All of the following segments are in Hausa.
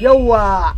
有啊。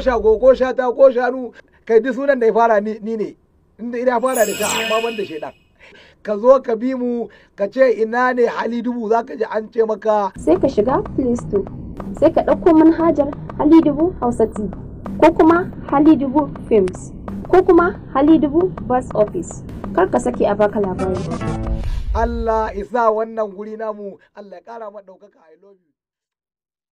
ko shago ko shata ko shanu kai duk sunan da ya fara ni ne inda ina fara da sha amma ban da dan ka zo ka bi mu ka ce ina ne hali dubu za ka ji an ce maka sai ka shiga play store sai ka ɗauko manhajar hali dubu hausa ti ko kuma hali dubu films ko kuma hali dubu bus office kar ka saki a baka labari Allah isa wannan guri namu Allah ya kara ma daukaka I love